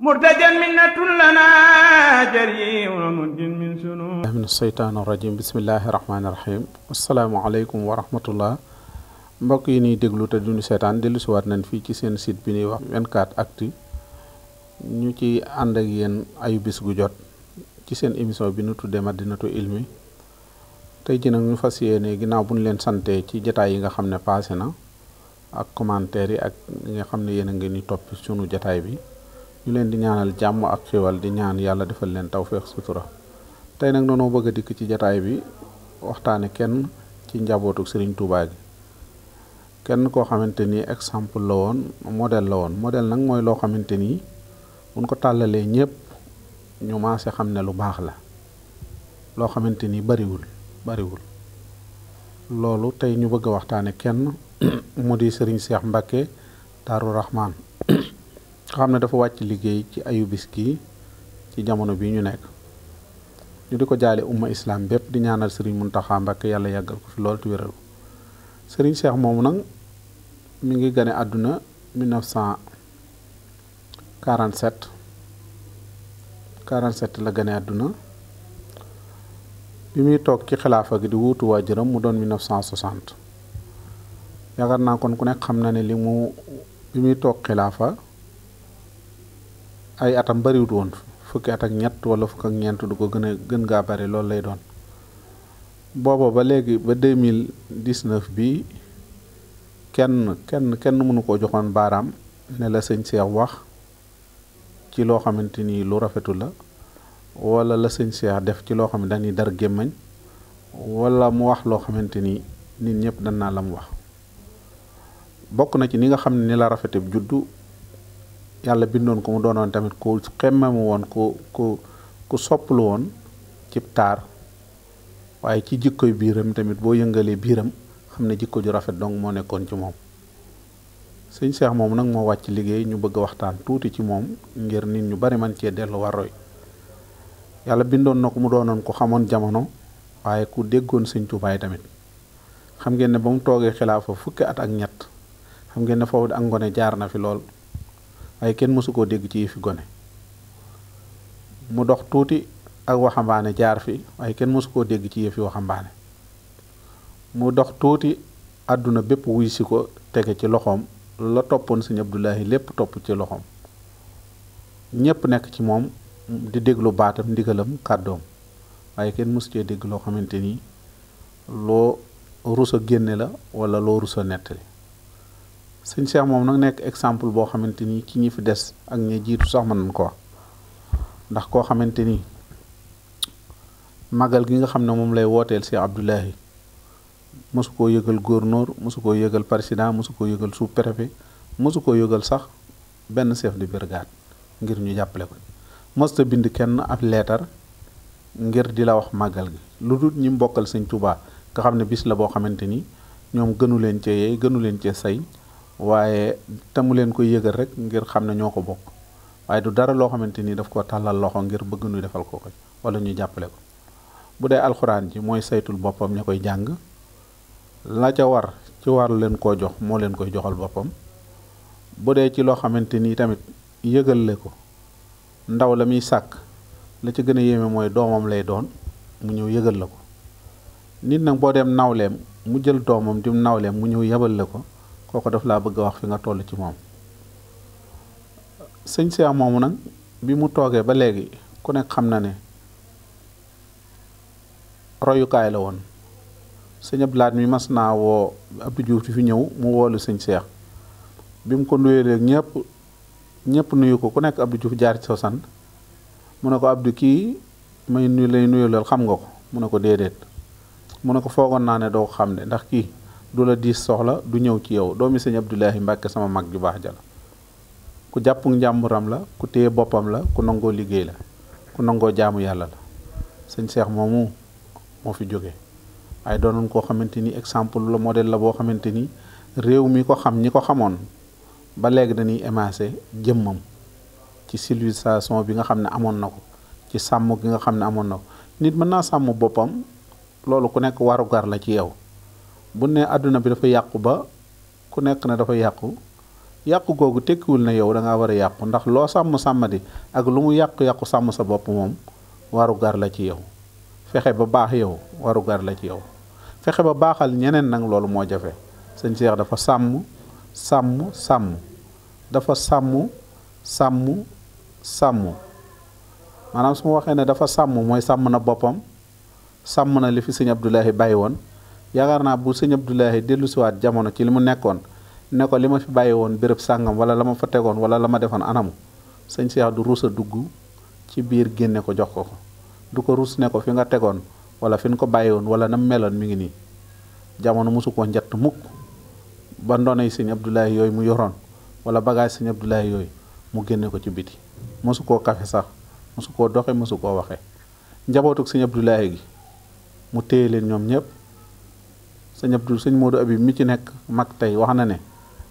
murtajan minnatun lana jariun muddin min sunu min seytaan bismillahi rahmaani rahim asalaamaaleykum wa rahmatullah mbokk yi ñuy déglu te duñu seetaan dellusiwaat nañ fii ci seen site bi ñuy wax 24 actu ñu ci ànd ak yéen ayu gu jot ci seen émission bi nu tuddee Madinatu Ilmi tey ji nag ñu fas yéene ginnaaw bu ñu leen sante ci jataay yi nga xam ne paase na ak commentaire yi ak ñi nga xam ne yéen a ngi ni topp sunu jataay bi ñu leen di ñaanal jàmm ak xéwal di ñaan yàlla defal leen tawféex sutura tey nag noonu bëgg a dikk ci jataay bi waxtaane kenn ci njabootu Serigne Touba gi kenn koo xamante ni exemple la woon modèle la woon model nag mooy loo xamante ni buñ ko tàllalee ñëpp ñu maase xam ne lu baax la loo xamante ni bariwul bariwul loolu tey ñu bëgg waxtaane kenn mu di sëriñ seex Mbacke Daaru Rahman nga xam ne dafa wàcc liggéey ci ayubis gi ci jamono bi ñu nekk ñu di ko jaale umma islam bépp di ñaanal sëriñ Muntaxa Mbacke yàlla yàggal ko fi lool te wéral sëriñ seex moomu nag mi ngi gane àdduna 1947 47 la gane àdduna bi muy toog ci xilaafa gi di wuutu waajuram mu doon 1960 yaakaar naa kon ku nekk xam na ne li mu li muy toog xilaafa ay atam bariwut woon fukki at ak ñett wala fukk ak ñeent du ko gën gën gaa bari loolu lay doon booba ba léegi ba mille 2019 bi kenn kenn kenn mënu koo joxoon baaraam ne la sëñ Seex wax ci loo xamante ni lu rafetu la wala la sëñ Seex def ci loo xam ne dañuy dar gémmañ wala mu wax loo xamante ni nit ñëpp dañ naa la mu wax bokk na ci ni nga xam ni la rafete juddu yàlla bindoon ko mu doonoon tamit ku xemmamu woon ku ku ku sopplu woon cib taar waaye ci jikkoy biiram tamit boo yëngalee biiram xam ne jikko ju rafet donc moo nekkoon ci moom sëñ Cheikh moom nag moo wàcc liggéey ñu bëgg waxtaan tuuti ci moom ngir nit ñu bari man cee dellu waroy yàlla bindoon na ko mu doonoon ku xamoon jamono waaye ku déggoon sëñ Tuubaa tamit xam ngeen ne ba mu toogee xilaafa fukki at ak ñett xam ngeen ne foofu ak ngone jaar na fi lool waaye kenn mësu koo dégg ci fi gone mu dox tuuti ak waxambaane jaar fi waaye kenn mësu koo dégg ci yëfi waxambaane mu dox tuuti àdduna bépp wuy si ko tege ci loxoom la toppoon sëñ Abdullahi lépp topp ci loxoom ñépp nekk ci moom di déglu baatam ndigalam kàddoom waaye kenn mësu cee dégg loo xamante nii loo rus a génne la wala loo rus a nettali sëñ Cheikh moom nag nekk exemple boo xamante ni ki ñu fi des ak ñu jiitu sax mën nañ ko ndax koo xamante ni màggal gi nga xam ne moom lay wooteel Cheikh Abdoulahi mosu koo yëgal gouverneur mosu koo yëgal président mosu koo yëgal sous préfet mosu koo yëgal sax benn chef de brigade ngir ñu jàppale ko mosta bind kenn ab leetar ngir di la wax màggal gi lu dul ñi mbokkal sëñ Touba nga xam ne bis la boo xamante ni ñoom gënu leen cee yee gënu leen cee say waaye te leen koy yëgal rek ngir xam ne ñoo ko bokk waaye du dara loo xamante ni daf ko tàllal loxo ngir bëgg ñu defal ko ko walla ñu jàppale ko bu dee alxuraan ji mooy saytul boppam ña koy jàng la ca war ci war leen koo jox moo leen koy joxal boppam bu dee ci loo xamante ni tamit yëgal le ko ndaw la muy sàkk la ca gën a yéeme mooy doomam lay doon mu ñëw yëgal la ko nit nag boo dem nawleem mu jël doomam di mu nawleem mu ñëw yebal la ko kooko daf laa bëgg a wax fi nga toll ci moom sëñ Cheikh moomu nag bi mu toogee ba léegi ku nekk xam na ne royukaay la woon sëñ Abdoulaye mi mas naa woo Abdou Diouf fi ñëw mu woolu sëñ Cheikh bi mu ko nuyee léegi ñëpp ñëpp nuyu ko ku nekk Abdou Diouf jaar ci sa mu ne ko Abdou kii may nuyu lay nuyu lool xam nga ko mu ne ko déedéet mu ne ko foogoon naa ne doo xam ne ndax kii du la diis soxla du ñëw ci yow doomi sëñ Abdoulahi Mbàkke sama mag ju baax jal ku jàpp njàmburam la ku téye boppam la ku nangoo liggéey la ku nangoo jaamu yàlla la sëñ Seex moomu moo fi jóge waaye doonoon koo xamante ni exemple la modèle la boo xamante ni réew mi ko xam ñi ko xamoon ba léegi dañuy émancé jëmmam ci civilisation bi nga xam ne amoon na ko ci sàmm ki nga xam ne amoon na ko nit mën naa sàmm boppam loolu ku nekk warugar la ci yow bu ne àdduna bi dafa yàqu ba ku nekk ne dafa yàqu yàqu googu tekkiwul na yow da ngaa war a yàqu ndax loo sàmm sàmmadi ak lu mu yàq yàqu sàmm sa bopp moom waru gar la ci yow fexe ba baax yow waru gar la ci yow fexe ba baaxal ñeneen nag loolu moo jafe sëñ Cheikh dafa sàmm sàmm sàmm dafa sàmm sàmm sàmm maanaam su ma waxee ne dafa sàmm mooy sàmm na boppam sàmm na li fi sëñ Abdoulahi bàyyi woon yaakaar naa bu sëñ Abdoulaye dellu siwaat jamono ci li mu nekkoon ne ko li ma fi bàyyi woon béréb sàngam wala la ma fa tegoon wala la ma defoon anamu sëñ Cheikh du ruus a dugg ci biir génne ko jox ko ko du ko ruus ne ko fi nga tegoon wala fi ko bàyyi woon wala na meloon mu ngi nii jamono mosu koo njatt mukk ba ndoonay sëñ Abdoulaye yooyu mu yoroon wala bagage sëñ Abdoulaye yooyu mu génne ko ci biti mosu koo kafe sax mosu koo doxe mosu koo waxe njabootuk sëñ Abdoulaye gi mu téye leen ñoom ñëpp sëñ Abdou sëñ Modou Habib mu ci nekk mag tey wax na ne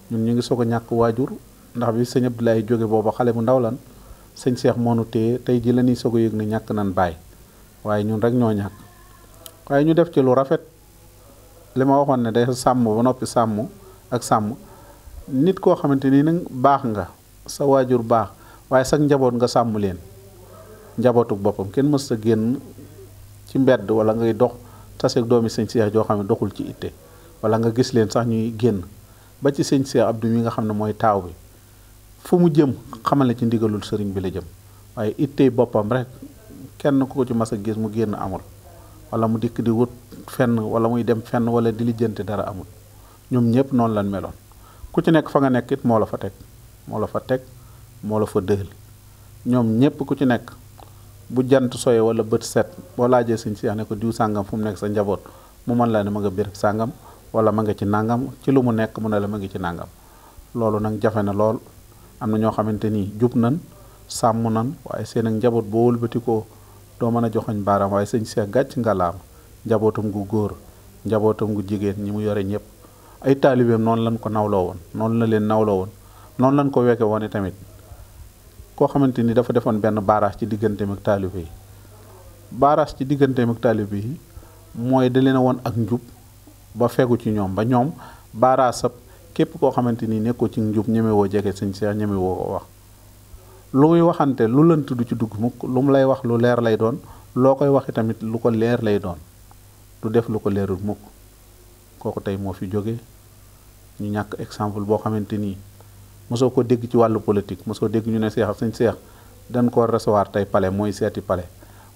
ñun ñu ngi soog a ñàkk waajur ndax bi sëñ laay jóge booba xale bu ndaw lan sëñ Cheikh moonu téye tey ji la ñuy soog a yëg ne ñàkk nan baay waaye ñun rek ñoo ñàkk waaye ñu def ci lu rafet li waxoon ne day sàmm ba noppi sàmm ak sàmm nit koo xamante ni nag baax nga sa waajur baax waaye sax njaboot nga sàmm leen njabootuk boppam kenn mës sa génn ci mbedd wala ngay dox taseeg doomi sëñ Cheikh joo xam ne doxul ci itte wala nga gis leen sax ñuy génn ba ci sëñ ab Abdou mi nga xam ne mooy taaw bi fu mu jëm xamal ci ndigalul sëriñ bi la jëm waaye ittey boppam rek kenn ku ci mas a gis mu génn amul wala mu dikk di wut fenn wala muy dem fenn wala di lijjanti dara amul ñoom ñëpp noonu lan meloon ku ci nekk fa nga nekk it moo la fa teg moo la fa teg moo fa dëgal ñoom ñëpp ku ci nekk bu jant soye wala bët set boo laajee sëñ Cheikh ne ko diw sàngam fu mu nekk sa njaboot mu mën laa ne ma nga béréb sàngam wala ma nga ci nàngam ci lu mu nekk mu ne la ma ngi ci nàngam loolu nag jafe na lool am na ñoo xamante ni jub nan sàmm nan waaye seen njaboot boo wëlbatikoo doo mën a joxoñ baaraam waaye sëñ Cheikh gàcc nga ngalaam njabootam gu góor njabootam gu jigéen ñi mu yore ñëpp ay taalibeem noonu lañ ko nawloo woon noonu la leen nawloo woon noonu lañ ko wekke woon tamit koo xamante ni dafa defoon benn baaraas ci digganteem ak taalibe yi baaraas ci digganteem ak taalibe yi mooy da leen woon ak njub ba fegu ci ñoom ba ñoom baaraasab képp koo xamante ni nekkoo ci njub ñemewoo jege sëñ Seex ñemewoo ko wax lu muy waxante lu lënt du ci dugg mukk lu mu lay wax lu leer lay doon loo koy waxi tamit lu ko leer lay doon du def lu ko leerul mukk kooku tey moo fi jóge ñu ñàkk exemple boo xamante nii mosoo ko dégg ci wàllu politique mosoo dégg ñu ne seex sëñ seex dañ ko recevoir tey pale mooy seeti pale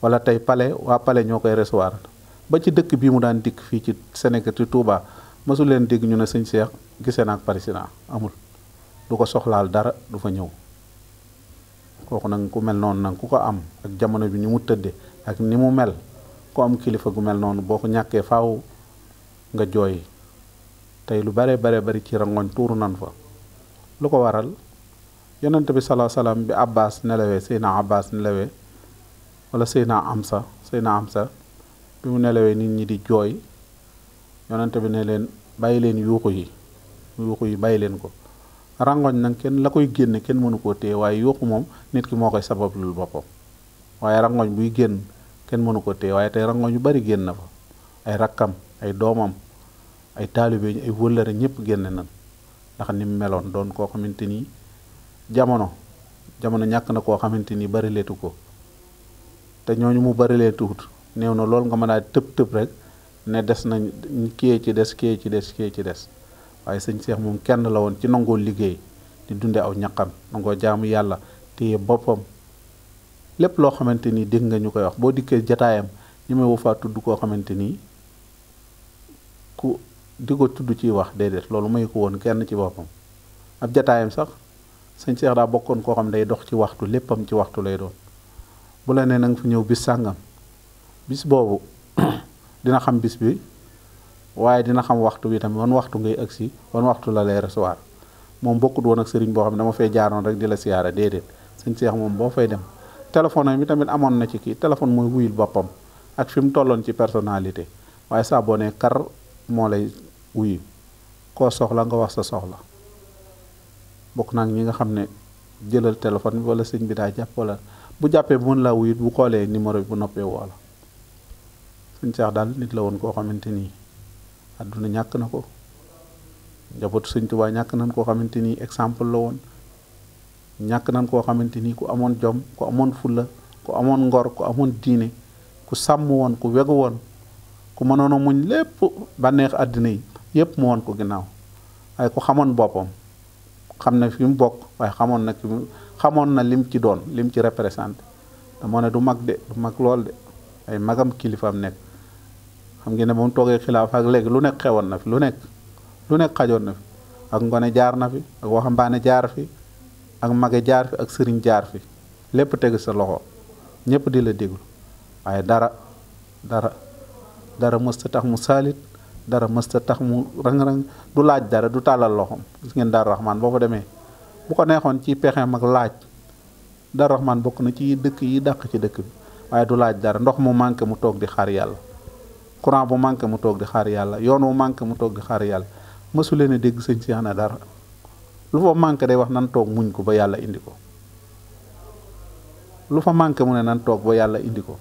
wala tey pale waa pale ñoo koy recevoir ba ci dëkk bii mu daan dikk fii ci Sénégal ci Touba mosu leen dégg ñu ne sëñ seex gisee na ak président amul du ko soxlaal dara du fa ñëw kooku nag ku mel noonu nag ku ko am ak jamono bi ni mu tëddee ak ni mu mel ku am kilifa gu mel noonu boo ko ñàkkee faw nga jooy tey lu bare bare bari ci rangoñ tuuru nan fa lu ko waral yonent bi salaa salaam bi abbas nelawee seyna abbas nelawee wala seyna amsa seyna amsa bi mu nelawee nit ñi di jooy yonent bi ne leen bàyyi leen yuuxu yi yuuxu yi bàyyi leen ko rangoñ nag kenn la koy génne kenn mënu koo téye waaye yuuxu moom nit ki moo koy sabab lul boppam waaye rangoñ buy génn kenn mënu koo téye waaye tey rangoñ yu bari génn na fa ay rakkam ay doomam ay taalibe ay wëllëre ñëpp génne nan ndax ni mu meloon doon koo xamante ni jamono jamono ñàkk na koo xamante ni bari leetu ko te ñooñu mu bari leetuut néew na loolu nga mën a tëb tëb rek ne des nañ kii ci des kii ci des kii ci des waaye sëñ Seex moom kenn la woon ci nangoo liggéey di dunde aw ñaqam nangoo jaamu yàlla téye boppam lépp loo xamante ni dégg nga ñu koy wax boo dikkee jataayam ñi may wafaa tudd koo xamante ni ku di ko tudd ci wax déedéet loolu may ko woon kenn ci boppam ab jataayam sax sëñ Cheikh daa bokkoon koo xam day dox ci waxtu léppam ci waxtu lay doon bu la nee na fi ñëw bis sàngam bis boobu dina xam bis bi waaye dina xam waxtu bi tamit wan waxtu ngay agsi wan waxtu la lay recevoir moom bokkut woon ak sëriñ boo xam ne dama fay jaaroon rek di la siyaara déedéet sëñ moom boo fay dem téléphone mi tamit amoon na ci kii téléphone mooy wuyul boppam ak fi mu tolloon ci personalité waaye saa boo nee kar moo lay wuyu koo soxla nga wax sa soxla bokk naa ñi nga xam ne jëlal téléphone bi wala sëñ bi daa jàpp wala bu jàppee bu mën laa wuyut bu xoolee numéro bi bu noppee woola sëñ Seex daal nit la woon koo xamante nii àdduna ñàkk na ko njabootu sëñ Tuubaa ñàkk nañ koo xamante nii exemple la woon ñàkk nañ koo xamante nii ku amoon jom ku amoon fulla ku amoon ngor ku amoon diine ku sàmm woon ku wegu woon ku mënoon a muñ lépp bànneex àddina yi yépp mu woon ko ginnaaw waaye ku xamoon boppam xam na fi mu bokk waaye xamoon na xamoon na lim ci doon lim ci représenté te moo ne du mag de du mag lool de ay magam kilifaam nekk xam ngeen ne moom toogee xilaafa ak léegi lu nekk xewoon na fi lu nekk lu nekk xajoon na fi ak ngone jaar na fi ak waxambaane jaar fi ak mage jaar fi ak sëriñ jaar fi lépp tegu sa loxo ñépp di la déglu waaye dara dara dara mësta tax mu saalit dara mësta tax mu rang-rang du laaj dara du tàllal loxoom gis ngeen Daaru Rahman boo fa demee bu ko neexoon ci pexeem mag laaj dara Rahman bokk na ci dëkk yi dàq ci dëkk bi waaye du laaj dara ndox mu manqué mu toog di xaar yàlla courant bu manqué mu toog di xaar yàlla yoon wu manqué mu toog di xaar yàlla mësu leen a dégg sëñ si xanaa dara lu fa manqué day wax nan toog muñ ko ba yàlla indi ko lu fa manqué mu ne nan toog ba yàlla indi ko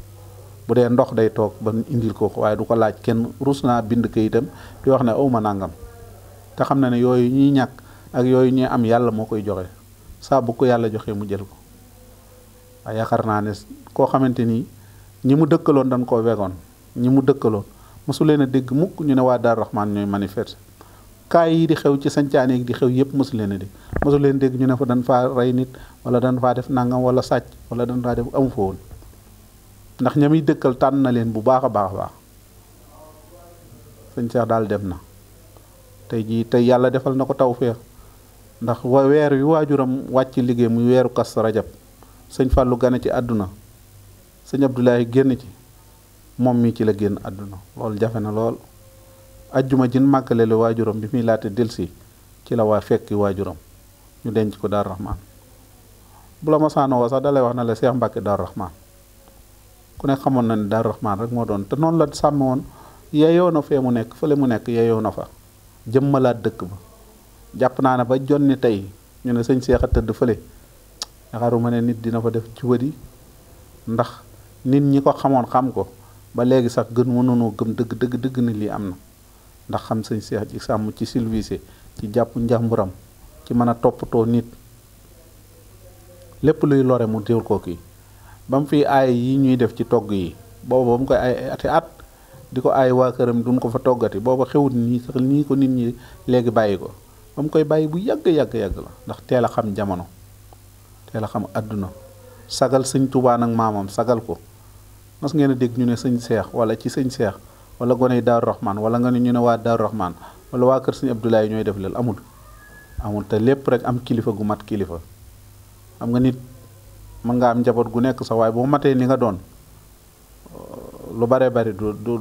bu dee ndox day toog ba indil ko waaye du ko laaj kenn ruus naa bind kayitam di wax ne awma nangam te xam na ne yooyu ñuy ñàkk ak yooyu ñuy am yàlla moo koy joxe saa bu ko yàlla joxee mu jël ko waaye yaakaar naa ne koo xamante ni ñi mu dëkkaloon dañ koo wegoon ñi mu dëkkaloon mosu leen a dégg mukk ñu ne waa Daaru Raxmaan ñooy manifester kaay yi di xew ci sancaan yi di xew yëpp mosu leen a dégg mosu leen dégg ñu ne fa dañ faa rey nit wala dañ faa def nangam wala sàcc wala dañ amu fa ndax ña muy dëkkal tànn na leen bu baax a baax a baax sëñ Cheikh daal dem na tey jii tey yàlla defal na ko taw tawféex ndax wa weer wi waajuram wàcc liggéey muy weeru kas rajab sëñ Fallou gane ci àdduna sëñ Abdoulaye génn ci moom mii ci la génn àdduna lool jafe na lool ajjuma jin màggale la waajuram bi muy laata delsi ci la waa fekki waajuram ñu denc ko Daaru Rahmaan bu la ma saanoo sax dalay wax na la Seex Mbàkke Daaru Rahmaan ku ne xamoon na ne Daaru Raxmaan rek moo doon te noonu la sàmm woon yeyoo na fee mu nekk fële mu nekk yeyoo na fa jëmmalaat dëkk ba jàpp naa ne ba jonni tey ñu ne sëñ Seex a tëdd fële yaakaaruma ne nit dina fa def jubadi ndax nit ñi ko xamoon xam ko ba léegi sax gën mënunoo gëm dëgg dëgg dëgg ni lii am na ndax xam sëñ Seex ci sàmm ci silvisé ci jàpp njàmburam ci mën a toppatoo nit lépp luy lore mu déwul ko kii ba mu fi aay yi ñuy def ci togg yi booba ba mu koy ay ati at di ko aay waa këram duñ ko fa toggati booba xewut nii sax nii ko nit ñi léegi bàyyi ko ba mu koy bàyyi bu yàgg yàgg yàgg la ndax teel a xam jamono teel a xam àdduna sagal sëñ Tuubaa nag maamam sagal ko mos ngeen a dégg ñu ne sëñ seex wala ci sëñ seex wala gone yi Daaru Rahman wala nga ne ñu ne waa Daaru Rahman wala waa kër sëñ Abdoulaye ñooy def leel amul amul te lépp rek am kilifa gu mat kilifa nga nit mën nga am njaboot gu nekk sa waaye boo matee li nga doon lu baree bari du du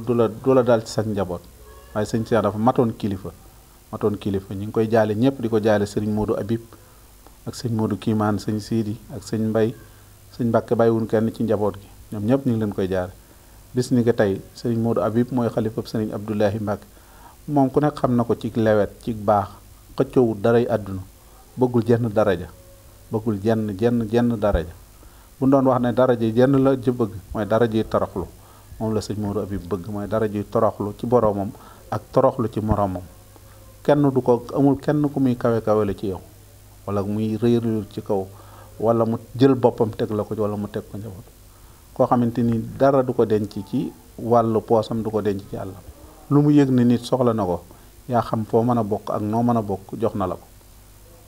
du la dal ci sa njaboot waaye sëñ Cheikh dafa matoon kilifa matoon kilifa ñu ngi koy jaale ñëpp di ko jaale sëñ Modou Abib ak sëñ Modou Kiimaan sëñ Siidi ak sëñ Mbay sëñ Mbàkke bàyyiwun kenn ci njaboot gi ñoom ñëpp ñu ngi leen koy jaale bis ni ko tey sëriñ Modou Habib mooy xalifab sëriñ Abdoulahi Mbacke moom ku nekk xam na ko ci lewet ci baax xëccoowul daray àdduna bëggul jenn daraja bëggul jenn jenn jenn daraja bu doon wax ne dara ji jenn la ci bëgg mooy dara ji moom la sëñ Modou Habib bëgg mooy dara ji toroxlu ci boroomam ak toroxlu ci moroomam kenn du ko amul kenn ku muy kawe kawe ci yow wala muy réerlu ci kaw wala mu jël boppam teg la ko wala mu teg ko njaboot koo xamante ni dara du ko denc ci wàllu poosam du ko denc ci àllam lu mu yëg ne nit soxla na ko yaa xam foo mën a bokk ak noo mën a bokk jox na la ko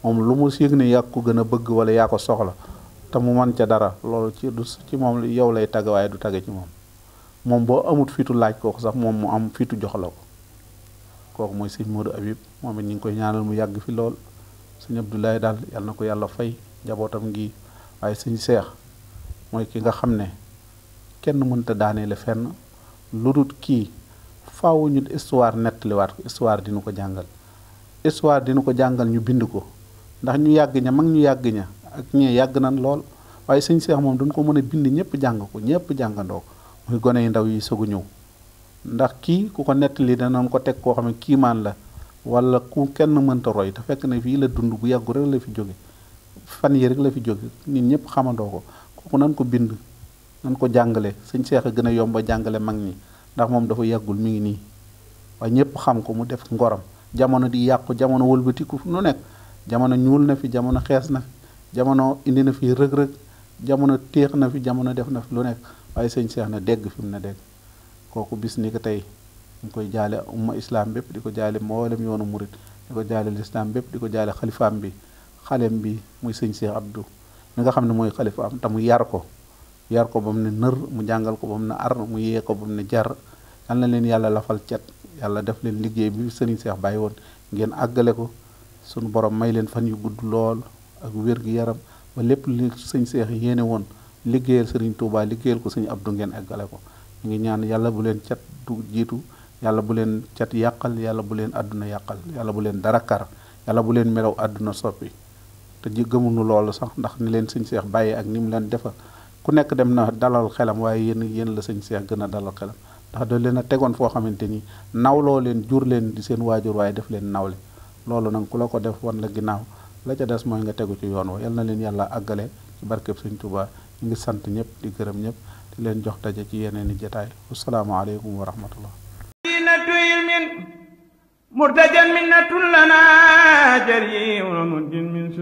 moom lu mu yëg ne yaa ko gën a bëgg wala yaa ko soxla te mu man ca dara loolu ci du ci moom yow lay tagg waaye du tagg ci moom moom boo amut fitu laaj kooku sax moom mu am fitu jox la ko kooku mooy sëñ Modou Habib moom it ñu ngi koy ñaanal mu yàgg fi lool sëñ Abdoulaye daal yal na ko yàlla fay njabootam gi waaye sëñ Seex mooy ki nga xam ne kenn mënta daaneele fenn lu dul kii faaw ñu histoire nettaliwaat ko histoire dinu ko jàngal histoire dina ko jàngal ñu bind ko ndax ñu yàgg ña mag ñu yàgg ña ak ñee yàgg nañ lool waaye sëñ Seex moom dañ ko mën a bind ñëpp jàng ko ñëpp jàngandoo muy gone yu ndaw yi soog a ñëw ndax kii ku ko nettali danañ ko teg koo xam ne kiimaan la wala ku kenn mënta roy te fekk na fii la dund bu yàggu rek la fi jóge fan yi rek la fi jóge nit ñëpp xamandoo ko kooku nan ko bind nan ko jàngale sëñ Seex a gën a yomb a jàngale mag ñi ndax moom dafa yàggul mi ngi nii waaye ñëpp xam ko mu def ngorom jamono di yàqu jamono wëlbatiku nu nekk jamono ñuul na fi jamono xees na jamono indi na fii rëg-rëg jamono téex na fi jamono def na fi lu nekk waaye sëñ Cheikh na dégg fi mu na dégg kooku bis ni ko tey ñu koy jaale umma islaam bépp di ko jaale mboolem yoonu murit di ko jaale lislaam bépp di ko jaale xalifaam bi xalem bi muy sëñ Cheikh Abdou mi nga xam ne mooy xalifaam te mu yar ko yar ko ba mu ne nër mu jàngal ko ba mu ne ar mu yee ko ba mu ne jar yal na leen yàlla lafal cet yàlla def leen liggéey bi sëriñ Cheikh bàyyi woon ngeen àggale ko sunu borom may leen fan yu gudd lool ak wér-gu-yaram ba lépp li sëñ seex yéene woon liggéeyal sëriñ Touba liggéeyal ko sëñ Abdou ngeen eggale ko ñu ngi ñaan yàlla bu leen cat du jiitu yàlla bu leen cat yàqal yàlla bu leen àdduna yàqal yàlla bu leen dara kar yàlla bu leen melow àdduna soppi te ji gëmuñu loolu sax ndax ni leen sëñ seex bàyyee ak ni mu leen defal ku nekk dem na dalal xelam waaye yéen yéen la sëñ seex gën a dalal xelam ndax da leen a tegoon foo xamante ni nawloo leen jur leen di seen waajur waaye def leen nawle loolu nag ku la ko def wan la ginnaaw la ca des mooy nga tegu ci yoon wa yal na leen yàlla àggale ci barkeb Sëñ Tuubaa ñu ngi sant ñëpp di gërëm ñëpp di leen jox daje ci yeneen i jataay wasalaamaaleykum wa rahmatullah dinatu ilmin